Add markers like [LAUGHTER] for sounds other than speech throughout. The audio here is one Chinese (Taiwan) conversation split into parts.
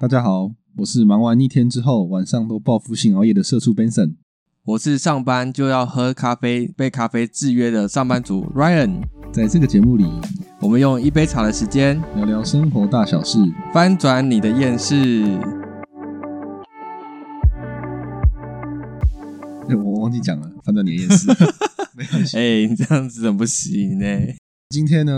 大家好，我是忙完一天之後晚上都報復性熬夜的社畜 Benson，我是上班就要喝咖啡，被咖啡制約的上班族 Ryan。在這個節目裡，我們用一杯茶的時間聊聊生活大小事，翻轉你的厭世。欸，我忘記講了，翻轉你的厭世，沒 [LAUGHS] 哎、 [LAUGHS] 欸，你這樣子怎麼不行呢？今天呢，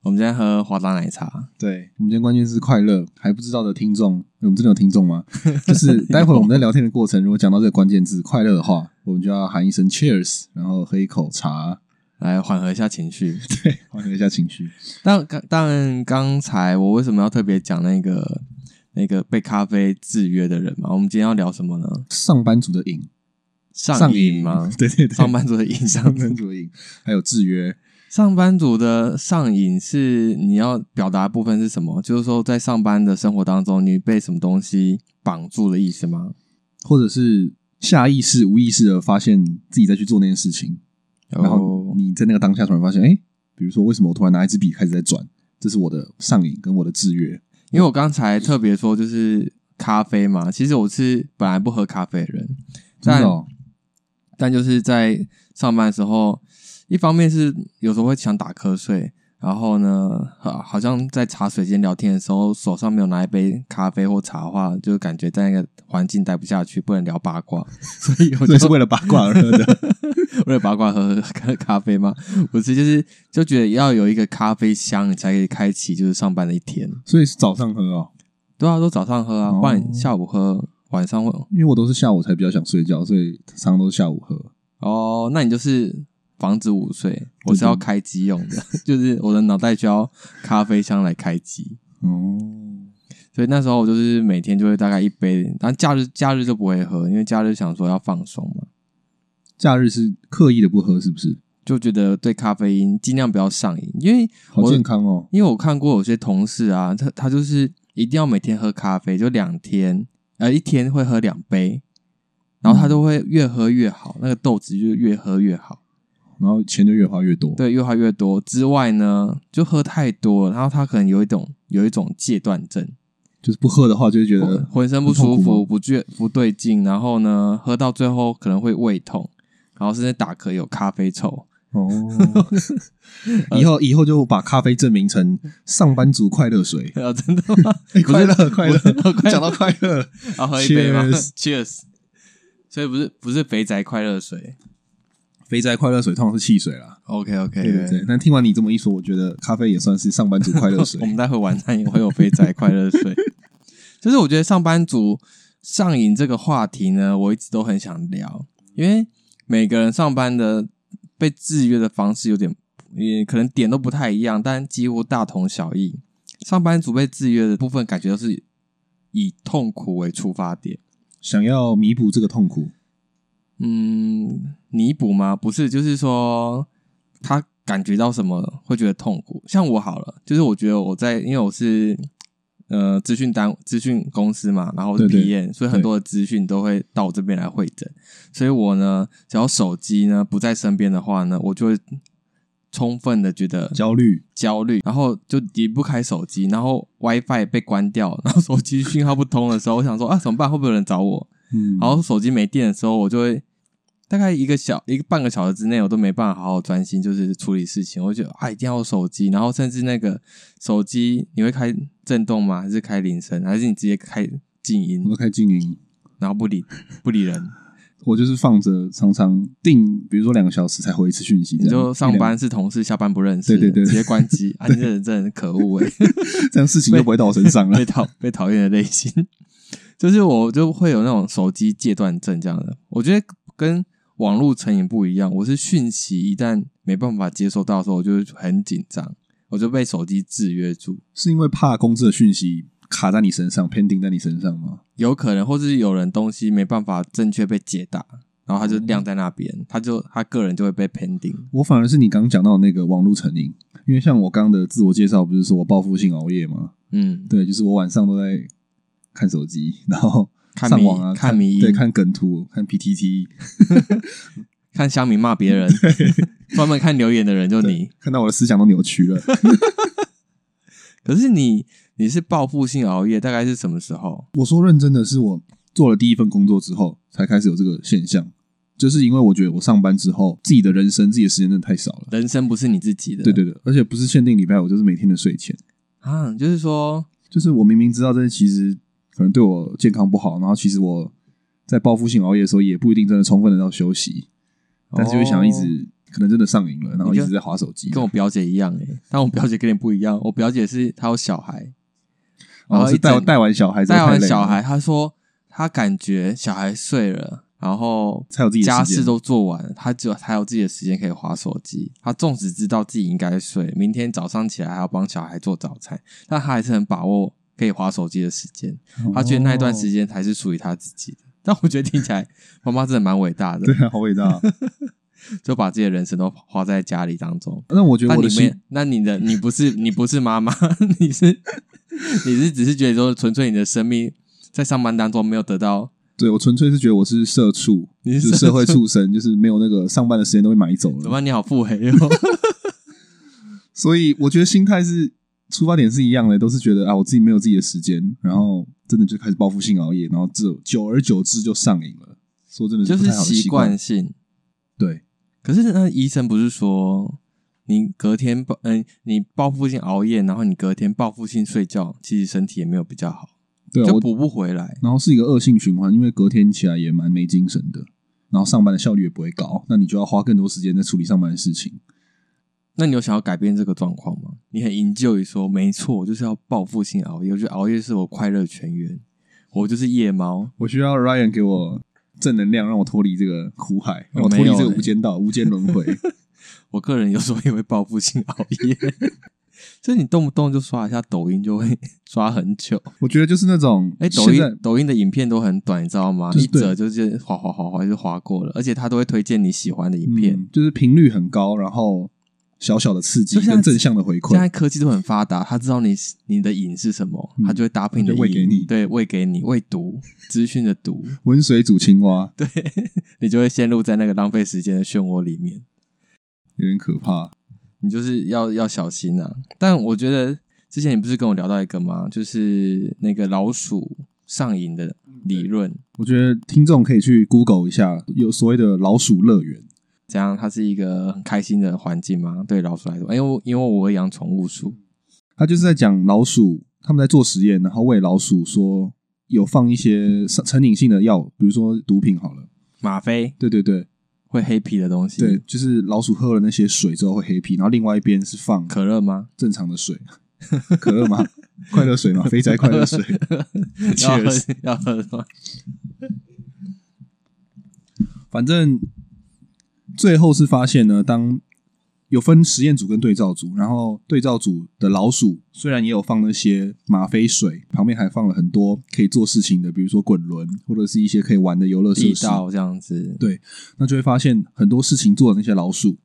我們今天喝華大奶茶。對，我們今天關鍵字是快樂。還不知道的聽眾，我們真的有聽眾嗎？ [LAUGHS] 就是待會我們在聊天的過程，如果講到這個關鍵字“快樂”的話，我們就要喊一聲 “Cheers”，然後喝一口茶來緩和一下情緒。對，緩和一下情緒。 [LAUGHS] 但剛但剛才我為什麼要特別講那個那個被咖啡制約的人嘛？我們今天要聊什麼呢？上班族的癮，上癮嗎？ [LAUGHS] 對對對，上班族的癮，上班族的癮還有制約。上班族的上癮是你要表達部分是什麼？就是說，在上班的生活當中，你被什麼東西綁住的意思嗎？或者是下意識、無意識的發現自己在去做那件事情，哦、然後你在那個當下突然發現，誒、欸、比如說，為什麼我突然拿一支筆開始在轉？這是我的上癮跟我的制約。因為我剛才特別說，就是咖啡嘛，其實我是本來不喝咖啡的人，真的哦、但但就是在上班的時候。一方面是有時候會想打瞌睡，然後呢，好像在茶水間聊天的時候，手上沒有拿一杯咖啡或茶的話，就感覺在那個環境待不下去，不能聊八卦，所以我就所以是為了八卦而喝的， [LAUGHS] 為了八卦而喝喝咖啡嗎？我是就是就覺得要有一個咖啡香才可以開啟就是上班的一天，所以是早上喝啊？哦。對啊，都早上喝啊，不然下午喝，晚上會？因為我都是下午才比較想睡覺，所以常常都是下午喝。哦，那你就是。防止午睡，我是要開機用的，對對對 [LAUGHS] 就是我的腦袋需要咖啡香來開機哦。所以那時候我就是每天就會大概一杯，但假日假日就不會喝，因為假日想說要放鬆嘛。假日是刻意的不喝，是不是？就覺得對咖啡因盡量不要上癮，因為好健康哦。因為我看過有些同事啊，他他就是一定要每天喝咖啡，就兩天，呃，一天會喝兩杯，嗯，然後他就會越喝越好，那個豆子就越喝越好。然後錢就越花越多，對，越花越多，之外呢，就喝太多了，然後他可能有一種有一種戒斷症，就是不喝的話就會覺得渾身不舒服，不覺不，不，不對勁。然後呢，喝到最後可能會胃痛，然後甚至打嗝有咖啡臭。哦， [LAUGHS] 以後以後就把咖啡證明成上班族快樂水啊！真的嗎？快樂、欸、快樂，快，樂快樂講到快樂，要 [LAUGHS] 喝一杯嗎？Cheers！Cheers，所以不是不是肥宅快樂水。肥宅快樂水通常是汽水啦。OK OK，對對，對，對。那聽完你這麼一說，我覺得咖啡也算是上班族快樂水。 [LAUGHS] 我們待會晚餐也會有肥宅快樂水。 [LAUGHS] 就是我覺得上班族上癮這個話題呢，我一直都很想聊，因為每個人上班的被制約的方式有點，也可能點都不太一樣，但幾乎大同小異。上班族被制約的部分，感覺都是以痛苦為出發點，想要彌補這個痛苦。嗯，彌補嗎？不是，就是說他感覺到什麼會覺得痛苦。像我好了，就是我覺得我在，因為我是呃資訊單資訊公司嘛，然後是畢 E 所以很多的資訊都會到我這邊來會診。所以我呢，只要手機呢不在身邊的話呢，我就會充分的覺得焦慮焦慮,焦慮，然後就離不開手機。然後 WiFi 被關掉，然後手機信號不通的時候， [LAUGHS] 我想說啊，怎麼辦？會不會有人找我？嗯，然後手機沒電的時候，我就會大概一個小一個半個小時之內，我都沒辦法好好專心，就是處理事情。我覺得啊，一定要有手機。然後甚至那個手機，你會開震動嗎？還是開鈴聲？還是你直接開靜音？我都開靜音，然後不理 [LAUGHS] 不理人。我就是放着，常常定，比如說兩個小時才回一次訊息這樣。你就上班是同事，下班不認識，對對，對對直接關機。 [LAUGHS] 啊，這人真的，真的可惡哎！ [LAUGHS] 這樣事情就不會到我身上了被， [LAUGHS] 被討被討厭的類型。 [LAUGHS] 就是我就會有那種手機戒斷症這樣的，我覺得跟網絡成癮不一樣。我是訊息一旦沒辦法接收到的時候，我就很緊張，我就被手機制約住。是因為怕公司的訊息卡在你身上，pending 在你身上嗎？有可能，或者有人東西沒辦法正確被解答，然後他就晾在那邊，嗯、他就他個人就會被 pending。我反而是你剛剛講到那個網絡成癮，因為像我剛的自我介紹，不是說我報復性熬夜嗎？嗯，對，就是我晚上都在。看手機，然後上網啊，看迷，看看看迷，對，看梗圖，看 PTT， [LAUGHS] 看鄉民罵別人，專門看留言的人就你，看到我的思想都扭曲了。 [LAUGHS] [LAUGHS] 可是你你是報復性熬夜，大概是什麼時候？我說認真的是，是我做了第一份工作之後才開始有這個現象，就是因為我覺得我上班之後自己的人生自己的時間真的太少了，人生不是你自己的。對對對，而且不是限定禮拜我就是每天的睡前啊，就是說，就是我明明知道這其實。可能對我健康不好，然後其實我在報復性熬夜的時候，也不一定真的充分得到休息，哦、但是又想一直可能真的上癮了，然後一直在划手機。跟，跟我表姐一樣誒，但我表姐跟你不一樣，我表姐是她有小孩，然後，然後是帶帶完小孩，帶完小孩，她說她感覺小孩睡了，然後才有自己家事都做完了，她有，她有自己的時間可以划手機。她縱使知道自己應該睡，明天早上起來還要幫小孩做早餐，但她還是很把握。可以滑手機的時間，他覺得那一段時間才是屬於他自己的。Oh. 但我覺得聽起來，媽媽真的蠻偉大的。對啊，好偉大， [LAUGHS] 就把自己的人生都花在家裡當中。那我覺得我，那你那你的，你不是，你不是媽媽，你是，你是，只是覺得說，純粹你的生命在上班當中沒有得到。對我純粹是覺得我是社畜，你是社畜？就是社會畜生，就是沒有那個上班的時間都被買走了。怎麼辦，你好腹黑哦。 [LAUGHS] 所以我覺得心態是。出發點是一樣的，都是覺得啊，我自己沒有自己的時間，然後真的就開始報復性熬夜，然後這久而久之就上癮了。說真的是不太好的習慣，就是習慣性，對。可是那醫生不是說，你隔天報嗯、呃，你報復性熬夜，然後你隔天報復性睡覺，其實身體也沒有比較好，對、啊，就補不回來。然後是一個惡性循環，因為隔天起來也蠻沒精神的，然後上班的效率也不會高，那你就要花更多時間在處理上班的事情。那你有想要改變這個狀況嗎？你很 enjoy 說，沒錯，我就是要報復性熬夜，我覺得，熬夜是我快樂泉源，我就是夜貓，我需要 Ryan 給我正能量，讓我脫離這個苦海，讓我脫離這個無間道、欸、無間輪迴。 [LAUGHS] 我個人有時候也會報復性熬夜， [LAUGHS] 就是你動不動就刷一下抖音就會刷很久。我覺得就是那種哎、欸，抖音抖音的影片都很短，你知道嗎？就是、一折就是滑滑滑滑，滑就滑過了，而且他都會推薦你喜歡的影片，嗯、就是頻率很高，然後。小小的刺激跟正向的回饋，就現在，現在科技都很發達，他知道你你的癮是什麼，嗯、他就會搭配的餵給你，對，餵給你，餵毒資訊的毒，溫 [LAUGHS] 水煮青蛙，對 [LAUGHS] 你就會陷入在那個浪費時間的漩渦裡面，有點可怕，你就是要要小心啊！但我覺得之前你不是跟我聊到一個嗎？就是那個老鼠上癮的理論，我覺得聽眾可以去 Google 一下，有所謂的老鼠樂園。這樣？它是一個很開心的環境嗎？對老鼠來說，因、哎、為因為我會養寵物鼠，他就是在講老鼠，他們在做實驗，然後餵老鼠說有放一些成癮性的藥，比如說毒品好了，嗎啡，對對對，會黑皮的東西，對，就是老鼠喝了那些水之後會黑皮，然後另外一邊是放可樂嗎？正常的水，可樂嗎？ [LAUGHS] [LAUGHS] 可樂嗎？快樂水嘛，肥宅快樂水， [LAUGHS] 要喝要喝嗎？ [LAUGHS] 反正。最後是發現呢，當有分實驗組跟對照組，然後對照組的老鼠雖然也有放那些嗎啡水，旁邊還放了很多可以做事情的，比如說滾輪，或者是一些可以玩的遊樂設施這樣子。對，那就會發現很多事情做的那些老鼠，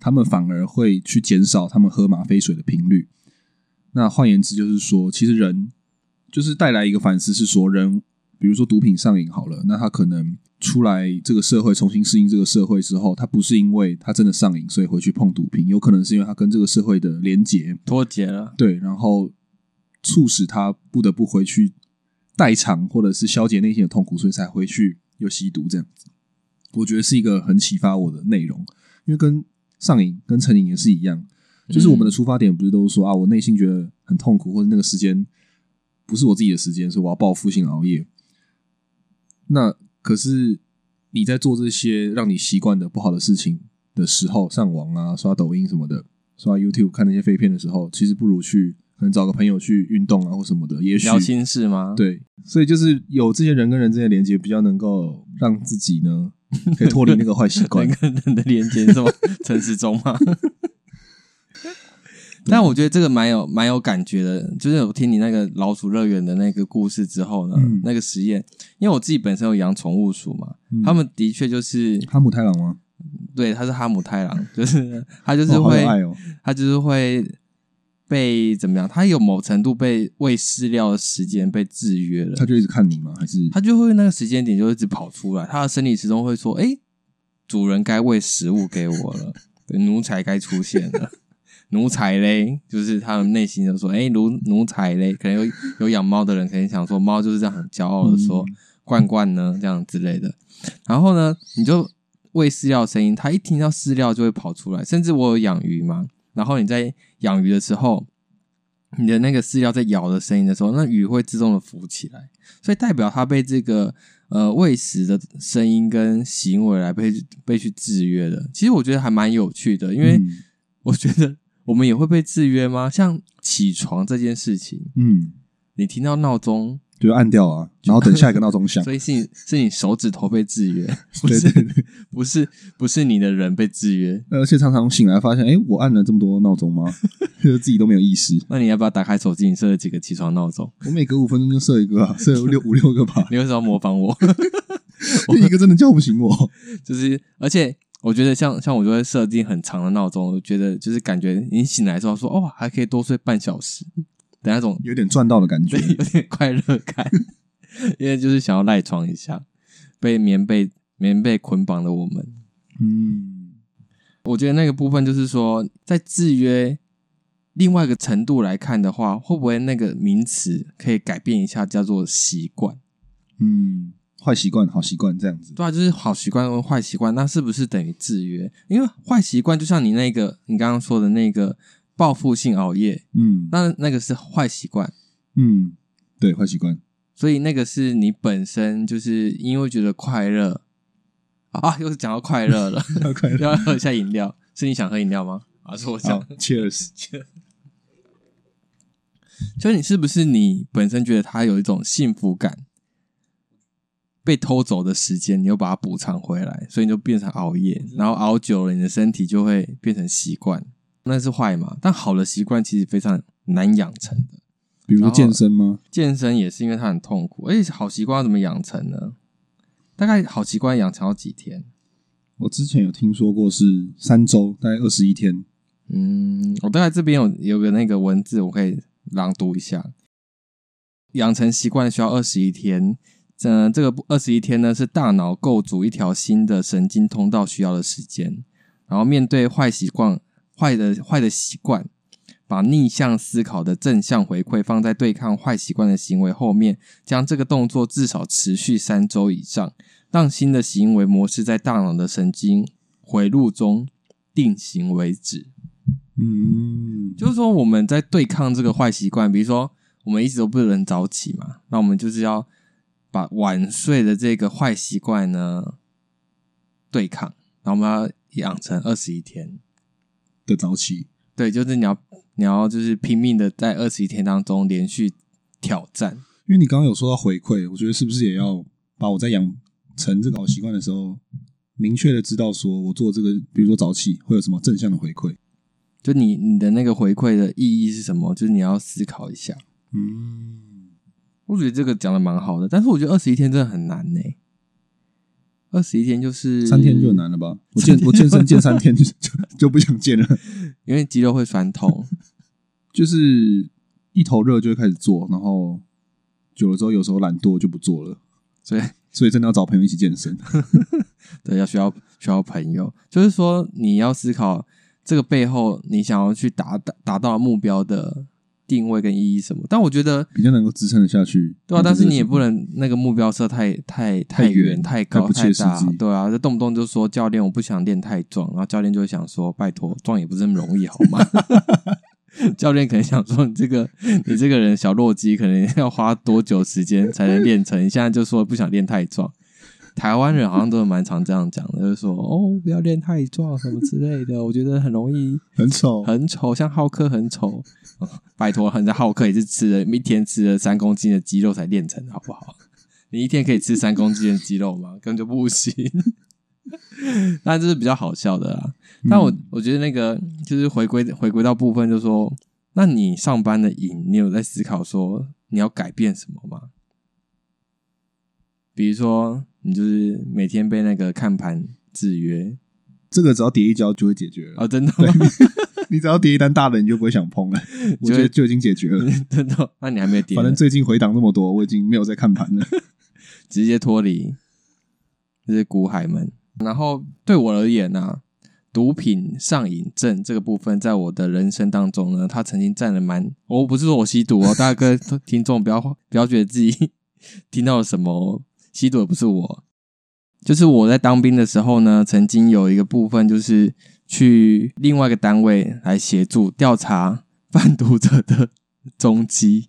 他們反而會去減少他們喝嗎啡水的頻率。那換言之就是說，其實人就是帶來一個反思，是說人，比如說毒品上癮好了，那他可能。出來這個社會，重新適應這個社會之後，他不是因為他真的上癮，所以回去碰毒品，有可能是因為他跟這個社會的連結脫節了，對，然後促使他不得不回去代償，或者是消解內心的痛苦，所以才回去又吸毒這樣子。我覺得是一個很啟發我的內容，因為跟上癮、跟成癮也是一樣，就是我們的出發點不是都是說、嗯、啊，我內心覺得很痛苦，或者那個時間不是我自己的時間，所以我要報復性熬夜，那。可是你在做這些讓你習慣的不好的事情的時候，上網啊、刷抖音什麼的、刷 YouTube 看那些廢片的時候，其實不如去可能找個朋友去運動啊或什麼的，也許聊心事嗎？對，所以就是有這些人跟人之間的連接，比較能夠讓自己呢，可以脫離那個壞習慣。 [LAUGHS] 人跟人的連接是嗎？陳 [LAUGHS] 時中嗎？ [LAUGHS] 但我覺得這個蠻有蠻有感覺的，就是我聽你那個老鼠樂園的那個故事之後呢、嗯，那個實驗，因為我自己本身有養寵物鼠嘛、嗯，他們的確就是哈姆太郎嗎？對，他是哈姆太郎，就是他就是會、哦哦，他就是會被怎麼樣？他有某程度被餵飼料的時間被制約了，他就一直看你嗎？還是他就會那個時間點就一直跑出來？他的生理時鐘會說：“哎，主人該餵食物給我了， [LAUGHS] 奴才該出現了。 [LAUGHS] ”奴才嘞，就是他們內心就說：“哎、欸，奴奴才嘞。”可能有有養貓的人，可能想說：“貓就是這樣很驕傲的說，罐罐呢這樣之類的。”然後呢，你就餵飼料聲音，它一聽到飼料就會跑出來。甚至我有養魚嘛，然後你在養魚的時候，你的那個飼料在咬的聲音的時候，那魚會自動的浮起來，所以代表它被這個呃餵食的聲音跟行為來被被去制約的。其實我覺得還蠻有趣的，因為我覺得。我們也會被制約嗎？像起床這件事情，嗯，你聽到鬧鐘就按掉啊，然後等一個鬧鐘響。 [LAUGHS] 所以是你是你手指頭被制約，不是對對對不是不是你的人被制約。 [LAUGHS] 而且常常醒來發現，哎、欸，我按了這麼多鬧鐘嗎？ [LAUGHS] 自己都沒有意識。 [LAUGHS] 那你要不要打開手機，你設了幾個起床鬧鐘？我每隔五分鐘就設一個啊，設有六五六個吧。 [LAUGHS] 你為什麼要模仿我？我 [LAUGHS] 一個真的叫不醒我，我，就是而且。我覺得像像我就會設定很長的鬧鐘，我覺得就是感覺你醒來之後說哦，還可以多睡半小時，的那種有點賺到的感覺，有點快樂感， [LAUGHS] 因為就是想要賴床一下，被棉被棉被捆綁的我們，嗯，我覺得那個部分就是說在制約另外一個程度來看的話，會不會那個名詞可以改變一下，叫做習慣，嗯。壞習慣、好習慣這樣子，對啊，就是好習慣和壞習慣，那是不是等於制約？因為壞習慣就像你那個你剛剛說的那個報復性熬夜，嗯，那那個是壞習慣，嗯，對，壞習慣，所以那個是你本身就是因為覺得快樂啊，又是講到快樂了， [LAUGHS] 要喝一下飲料， [LAUGHS] 是你想喝飲料嗎？啊，是我想 [LAUGHS] ，Cheers，Cheers，所以你是不是你本身覺得它有一種幸福感？被偷走的時間，你又把它補償回來，所以你就變成熬夜，然後熬久了，你的身體就會變成習慣，那是壞嘛？但好的習慣其實非常難養成的，比如說健身嗎？健身也是因為它很痛苦，而、欸、且好習慣要怎麼養成呢？大概好習慣養成要幾天？我之前有聽說過是三周，大概二十一天。嗯，我大概這邊有有一個那個文字，我可以朗讀一下。養成習慣需要二十一天。這，這個二十一天呢，是大腦構築一條新的神經通道需要的時間。然後面對壞習慣、壞的壞的習慣，把逆向思考的正向回饋放在對抗壞習慣的行為後面，將這個動作至少持續三周以上，讓新的行為模式在大腦的神經回路中定型為止。嗯，就是說我們在對抗這個壞習慣，比如說我們一直都不能早起嘛，那我們就是要。把晚睡的這個壞習慣呢對抗，然後我們要養成二十一天的早起。對，就是你要，你要就是拼命的在二十一天當中連續挑戰。因為你剛剛有說到回饋，我覺得是不是也要把我在養成這個好習慣的時候，明確的知道說我做這個，比如說早起會有什麼正向的回饋？就你你的那個回饋的意義是什麼？就是你要思考一下。嗯。我覺得這個講得蠻好的，但是我覺得二十一天真的很難呢，欸。二十一天就是三天就很難了吧？我健我健身，健三天就 [LAUGHS] 就不想健了，因為肌肉會痠痛。 [LAUGHS] 就是一頭熱就會開始做，然後久了之後，有時候懶惰就不做了。所以所以真的要找朋友一起健身。 [LAUGHS] [LAUGHS] 對，要需要需要朋友，就是說你要思考這個背後，你想要去達達到目標的。定位跟意義什麼，但我覺得比較能夠支撐得下去。對啊，但是你也不能那個目標設太太太遠太高，太不切實際。對啊，就動不動就說教練我不想練太壯，然後教練就會想說拜託壯也不是那麼容易好嗎？哈哈哈。教練可能想說你這個你這個人小弱雞，可能要花多久時間才能練成？你現在就說不想練太壯。台灣人好像都蠻常這樣講的，就是說哦，不要練太壯什麼之類的。我覺得很容易很醜，很醜，像浩克很醜，呃，拜托，人家浩克也是吃了，一天吃了三公斤的肌肉才練成，好不好？你一天可以吃三公斤的肌肉嗎？根本就不行。那 [LAUGHS] 這是比較好笑的啦。但我我覺得那個就是回歸回歸到部分，就是說，那你上班的癮，你有在思考說你要改變什麼嗎？比如說。就是每天被那個看盤制約，這個只要跌一跤就會解決啊。哦！真的你，你只要跌一單大的，你就不會想碰了就，我覺得就已經解決了。嗯，真的？那你還沒跌？反正最近回檔那麼多，我已經沒有在看盤了， [LAUGHS] 直接脫離這些股海門，然後對我而言呢，啊，毒品上癮症這個部分，在我的人生當中呢，他曾經占了蠻……我不是說我吸毒哦，大家聽衆不要 [LAUGHS] 不要覺得自己聽到了什麼。吸毒也不是我，就是我在當兵的時候呢，曾經有一個部分就是去另外一個單位來協助調查販毒者的蹤跡，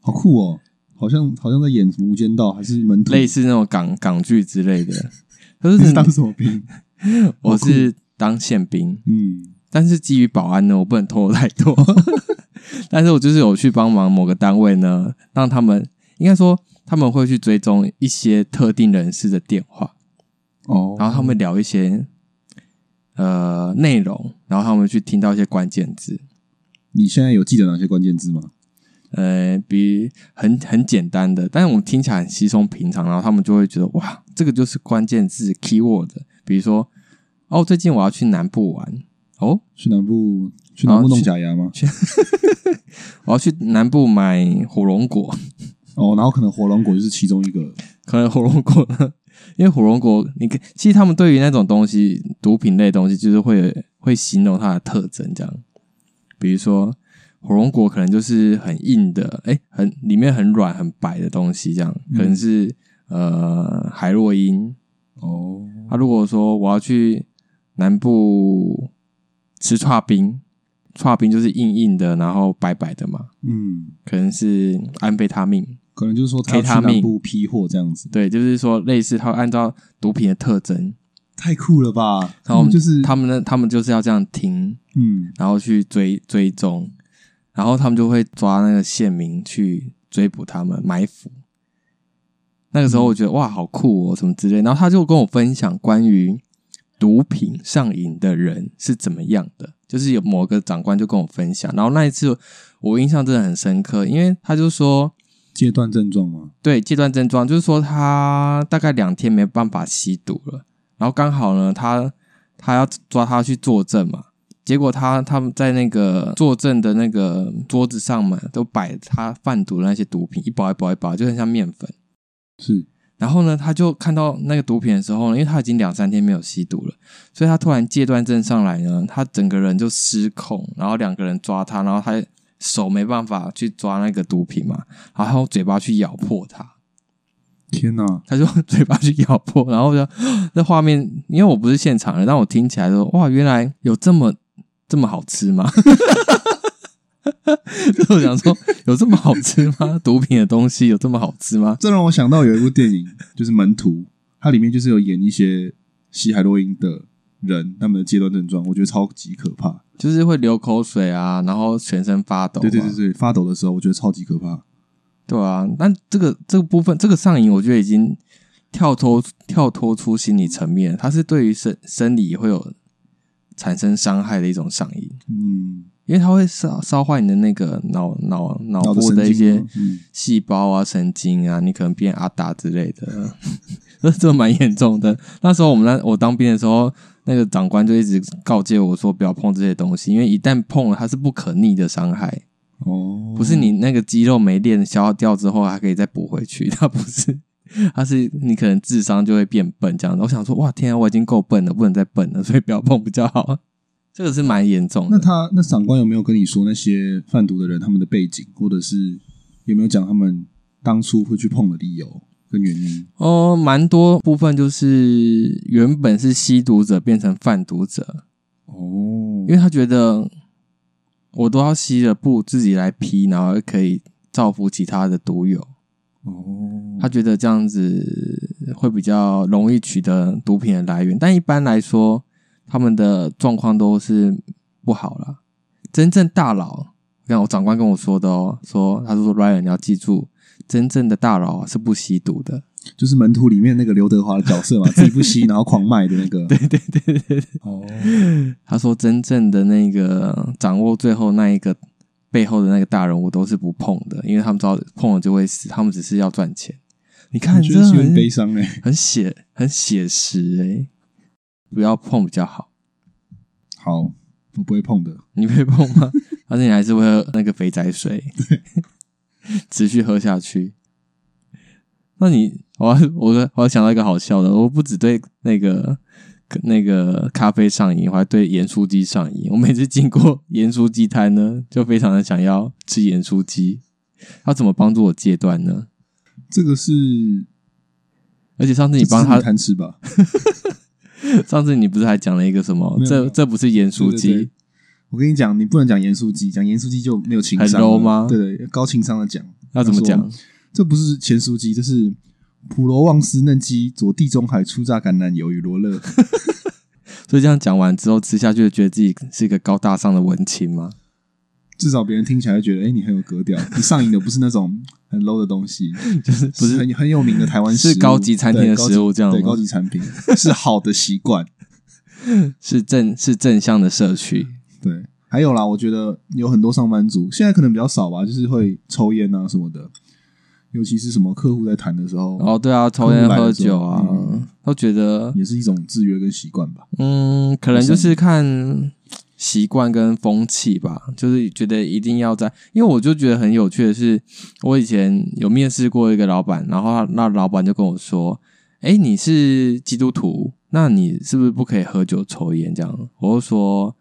好酷哦！好像好像在演《無間道》還是門徒類似那種港港劇之類的。可是，你你是當什麼兵？我是當憲兵。嗯，但是基於保安呢，我不能拖太多。 [LAUGHS] 但是我就是有去幫忙某個單位呢，讓他們應該說。他們會去追蹤一些特定人士的電話，哦、oh.，然後他們聊一些呃內容，然後他們去聽到一些關鍵字。你現在有記得哪些關鍵字嗎？呃，比如很很簡單的，但是我們聽起來很稀鬆平常，然後他們就會覺得哇，這個就是關鍵字 keyword。比如說，哦，最近我要去南部玩，哦，去南部去南部弄假牙嗎？啊、去去 [LAUGHS] 我要去南部買火龍果。 [LAUGHS] 哦，然後可能火龍果就是其中一個，可能火龍果，因為火龍果，你看，其實他們對於那種東西，毒品類東西，就是會會形容它的特徵，這樣，比如說火龍果可能就是很硬的，哎，很裡面很軟很白的東西，這樣，可能是、嗯、呃海洛因哦。他、啊、如果說我要去南部吃剉冰，剉冰就是硬硬的，然後白白的嘛，嗯，可能是安非他命。可能就是說，他南部批貨這樣子ーー。對，就是說，類似他按照毒品的特徵，太酷了吧？然後我們，他們就是他們呢，他們就是要這樣停，嗯，然後去追追蹤，然後他們就會抓那個線民，去追捕他們埋伏。那個時候我覺得、嗯、哇，好酷哦、喔，什麼之類。然後他就跟我分享關於毒品上癮的人是怎麼樣的，就是有某個長官就跟我分享。然後那一次我印象真的很深刻，因為他就說。戒斷症狀嗎？對，戒斷症狀就是說他大概兩天沒有辦法吸毒了，然後剛好呢，他他要抓他去作證嘛，結果他他們在那個作證的那個桌子上嘛，都擺他販毒的那些毒品，一包一包一包，就很像麵粉。是，然後呢，他就看到那個毒品的時候呢，因為他已經兩三天沒有吸毒了，所以他突然戒斷症上來呢，他整個人就失控，然後兩個人抓他，然後他。手沒辦法去抓那個毒品嘛，然後嘴巴去咬破它。天哪，他用嘴巴去咬破，然後就那畫面，因為我不是現場的，但我聽起來說，哇，原來有這麼這麼好吃嗎？哈哈哈，就想說，有這麼好吃嗎？毒品的東西有這麼好吃嗎？這讓我想到有一部電影，就是《門徒》，它裡面就是有演一些吸海洛因的。人那麼的戒斷症狀，我覺得超級可怕，就是會流口水啊，然後全身發抖啊。對對對對，發抖的時候，我覺得超級可怕。對啊，但這個這個部分，這個上癮，我覺得已經跳脫跳脫出心理層面，它是對於生生理會有產生傷害的一種上癮。嗯，因為它會燒燒壞你的那個腦腦腦部的一些細胞啊、神經啊，你可能變阿達之類的。 [LAUGHS] 這這蠻嚴重的。那時候我們那我當兵的時候，那個長官就一直告誡我說，不要碰這些東西，因為一旦碰了，它是不可逆的傷害。哦、oh，不是你那個肌肉沒練消耗掉之後還可以再補回去，它不是，它是你可能智商就會變笨這樣子。我想說，哇，天啊，我已經夠笨了，不能再笨了，所以不要碰比較好。這個是蠻嚴重的。那他那長官有沒有跟你說那些販毒的人他們的背景，或者是有沒有講他們當初會去碰的理由？原因哦，蠻多部分就是原本是吸毒者變成販毒者哦，因為他覺得我都要吸了，不如自己來批，然後可以造福其他的毒友哦，他覺得這樣子會比較容易取得毒品的來源。但一般來說，他們的狀況都是不好了。真正大佬。我長官跟我說的哦，說他說說 Ryan，你要記住，真正的大佬是不吸毒的，就是門徒裡面那個劉德華的角色嘛，自己不吸， [LAUGHS] 然後狂賣的那個。對對對對，對，對，哦、oh.，他說真正的那個掌握最後那一個背後的那個大人物都是不碰的，因為他們知道碰了就會死，他們只是要賺錢。你看，真的很悲傷哎、欸，很寫很寫實哎、欸，不要碰比較好。好，我不會碰的。你會碰嗎？ [LAUGHS] 而且你還是會喝那個肥宅水，持續喝下去。那你我我我想到一個好笑的，我不只對那個那個咖啡上癮，我還對鹽酥雞上癮。我每次經過鹽酥雞攤呢，就非常的想要吃鹽酥雞。他怎麼幫助我戒斷呢？這個是……而且上次你幫他貪吃吧？ [LAUGHS] 上次你不是還講了一個什麼？沒有沒有，這這不是鹽酥雞？對對對。我跟你講，你不能講鹽酥雞，講鹽酥雞就沒有情商。很 low 嗎？對對，高情商的講要怎麼講？這不是鹹酥雞，這是普羅旺斯嫩雞，佐地中海粗榨橄欖油與羅勒。 [LAUGHS] 所以這樣講完之後，吃下去就覺得自己是一個高大上的文青嗎？至少別人聽起來就覺得，誒、欸、你很有格調。你上癮的不是那種很 low 的東西， [LAUGHS] 就是不是很很有名的台灣食物 [LAUGHS] 是高級餐廳的食物，這樣 [LAUGHS] 對高級產品是好的習慣，是正是正向的社區。還有啦，我覺得有很多上班族現在可能比較少吧，就是會抽菸啊什麼的，尤其是什麼客戶在談的時候，哦對啊，抽菸喝酒啊，嗯、都覺得也是一種制約跟習慣吧。嗯，可能就是看習慣跟風氣吧，就是覺得一定要在。因為我就覺得很有趣的是，我以前有面試過一個老板，然後他那老板就跟我說：“哎，你是基督徒，那你是不是不可以喝酒抽菸？”這樣，我就說。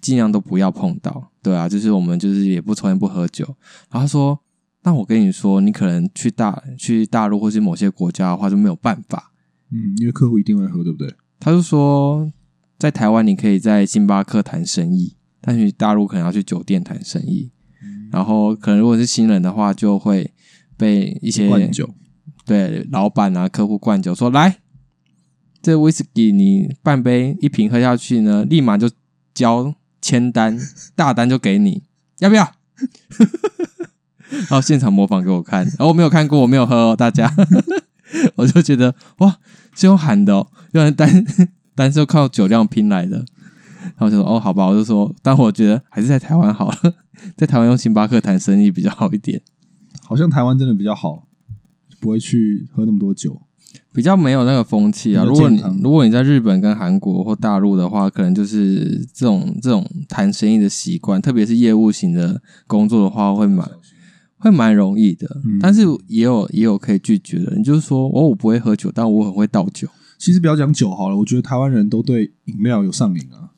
盡量都不要碰到，對啊，就是我們就是也不抽煙不喝酒。然後他說，那我跟你說，你可能去大去大陸或是某些國家的話就沒有辦法，嗯，因為客戶一定會喝，對不對？他就說，在台灣你可以在星巴克談生意，但是你大陸可能要去酒店談生意，嗯。然後可能如果是新人的話，就會被一些灌酒，對，老闆啊客戶灌酒說，來，這威士忌你半杯一瓶喝下去呢，立馬就交簽單，大單就給你，要不要？ [LAUGHS] 然後現場模仿給我看，然、哦、後我沒有看過，我沒有喝，哦，大家， [LAUGHS] 我就覺得哇，最後喊的、哦，有人單，單是靠酒量拼來的。然後我就說哦，好吧，我就說，但我覺得還是在台灣好了，在台灣用星巴克談生意比較好一點。好像台灣真的比較好，不會去喝那麼多酒。比較沒有那個風氣啊。如果你如果你在日本跟韓國或大陸的話，可能就是這種這種談生意的習慣，特別是業務型的工作的話會蠻，會蠻會蠻容易的。但是也有也有可以拒絕的，你就是說，哦，我不會喝酒，但我很會倒酒。其實不要講酒好了，我覺得台灣人都對飲料有上癮啊、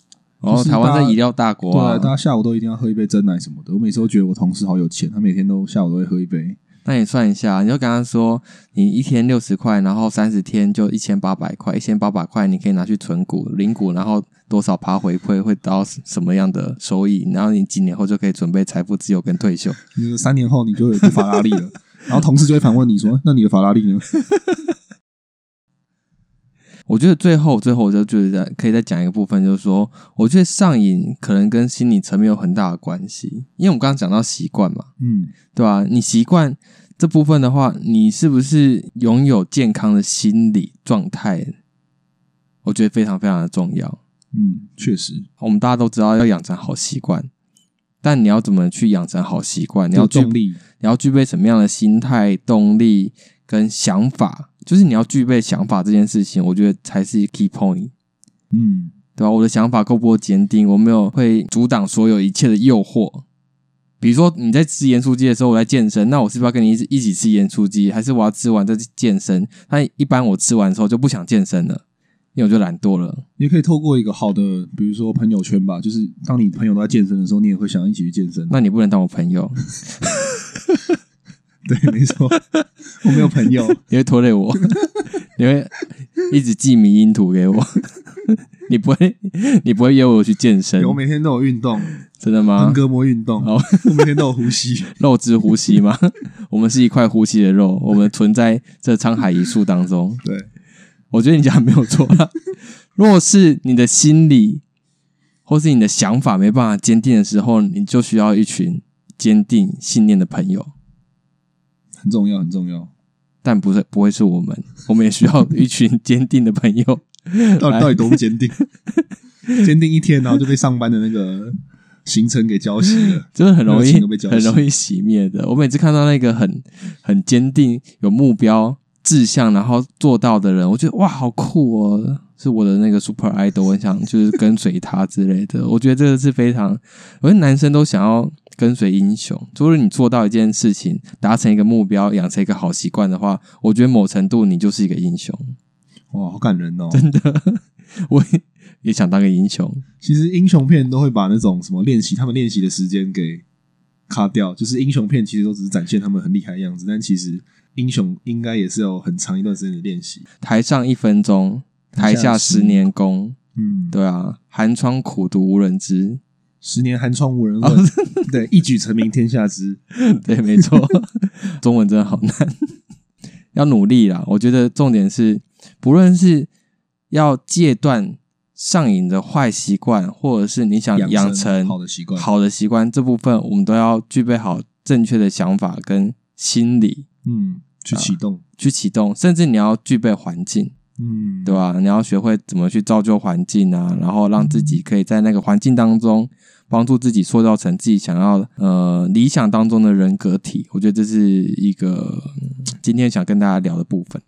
就是。哦，台灣在飲料大國、啊，對，大家下午都一定要喝一杯珍奶什麼的。我每次都覺得我同事好有錢，他每天都下午都會喝一杯。那你算一下，你就跟他說你一天六十塊，然後三十天就一千八百塊，一千八百塊你可以拿去存股、領股，然後多少趴回饋會得到什麼樣的收益？然後你幾年後就可以準備財富自由跟退休。你三年後你就有部法拉利了， [LAUGHS] 然後同事就會反問你說：“那你的法拉利呢？” [LAUGHS] 我覺得最後，最後我就覺得可以再講一個部分，就是說，我覺得上癮可能跟心理層面有很大的關係，因為我們剛剛講到習慣嘛，嗯，對吧？你習慣這部分的話，你是不是擁有健康的心理狀態？我覺得非常非常的重要。嗯，確實，我們大家都知道要養成好習慣，但你要怎麼去養成好習慣？你要做動力，你要具備什麼樣的心態、動力跟想法？就是你要具備想法這件事情，我覺得才是 key point，嗯，對吧，啊？我的想法夠不夠堅定？我沒有會阻擋所有一切的誘惑。比如說你在吃鹽酥雞的時候，我在健身，那我是不是要跟你一一起吃鹽酥雞，還是我要吃完再去健身？那一般我吃完之後就不想健身了，因為我就懶惰了。你可以透過一個好的，比如說朋友圈吧，就是當你朋友都在健身的時候，你也會想一起去健身。那你不能當我朋友。 [LAUGHS] 對，沒錯，我沒有朋友，你會拖累我， [LAUGHS] 你會一直寄迷因圖給我， [LAUGHS] 你不會，你不會約我去健身，我每天都有運動。真的嗎？橫膈膜運動，哦、 [LAUGHS] 我每天都有呼吸，肉質呼吸嗎？ [LAUGHS] 我們是一塊呼吸的肉，我們存在這滄海一粟當中。對，我覺得你講的沒有錯，啊。若是你的心理或是你的想法沒辦法堅定的時候，你就需要一群堅定信念的朋友。很重要，很重要，但不是不會是我們，我們也需要一群堅定的朋友。 [LAUGHS] 到底到底多不堅定？堅 [LAUGHS] 定一天，然後就被上班的那個行程給澆熄了，真、就、的、是、很容易很容易熄滅的。我每次看到那個很很堅定、有目標、志向，然後做到的人，我覺得哇，好酷哦！是我的那個 super idol，很想就是跟隨他之類的。 [LAUGHS] 我覺得這個是非常，我覺得男生都想要。跟隨英雄，如果你做到一件事情、達成一個目標、養成一個好習慣的話，我覺得某程度你就是一個英雄。哇，好感人哦！真的，我也，也想當個英雄。其實英雄片都會把那種什麼練習，他們練習的時間給卡掉。就是英雄片其實都只是展現他們很厲害的樣子，但其實英雄應該也是有很長一段時間的練習。台上一分鐘，台下十年功十。嗯，對啊，寒窗苦讀無人知。十年寒窗無人問，哦、對，一舉成名天下知。 [LAUGHS] 對，沒錯，中文真的好難，要努力啦！我覺得重點是，不論是要戒斷上癮的壞習慣，或者是你想養成好的習慣，好的習慣這部分，我們都要具備好正確的想法跟心理，嗯，去啟動，呃、去啟動，甚至你要具備環境。嗯，對吧？你要學會怎麼去造就環境啊，然後讓自己可以在那個環境當中幫助自己塑造成自己想要呃理想當中的人格體。我覺得這是一個今天想跟大家聊的部分。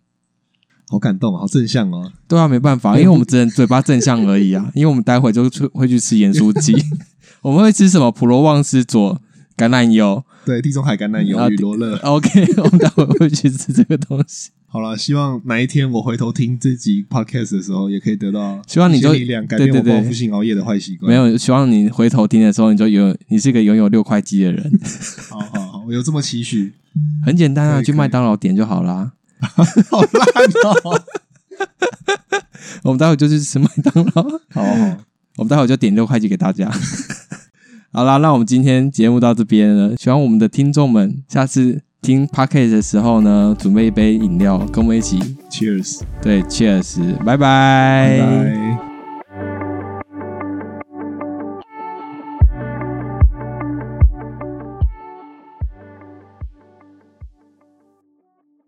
好感動，啊，好正向哦！對啊，沒辦法，因為我們只能嘴巴正向而已啊。 [LAUGHS] 因為我們待會就去會去吃鹽酥雞， [LAUGHS] [LAUGHS] 我們會吃什麼普羅旺斯佐橄欖油，對，地中海橄欖油與羅勒、嗯。OK，我們待會會去吃這個東西。好了，希望哪一天我回頭聽這集 podcast 的時候，也可以得到我我希望你就力量改變我報復性熬夜的壞習慣。沒有，希望你回頭聽的時候，你就有你是一個擁有六塊肌的人。好好好，有這麼期許， [LAUGHS] 很簡單啊，以以去麥當勞點就好啦。 [LAUGHS] 好爛爛啊、喔！ [LAUGHS] 我們待會就去吃麥當勞。 [LAUGHS] 好，好， [LAUGHS] 我們待會就點六塊肌給大家。 [LAUGHS] 好啦，那我們今天節目到這邊了。希望我們的聽眾們下次，聽 Podcast 的時候呢，準備一杯飲料，跟我們一起 Cheers，對，Cheers，拜拜。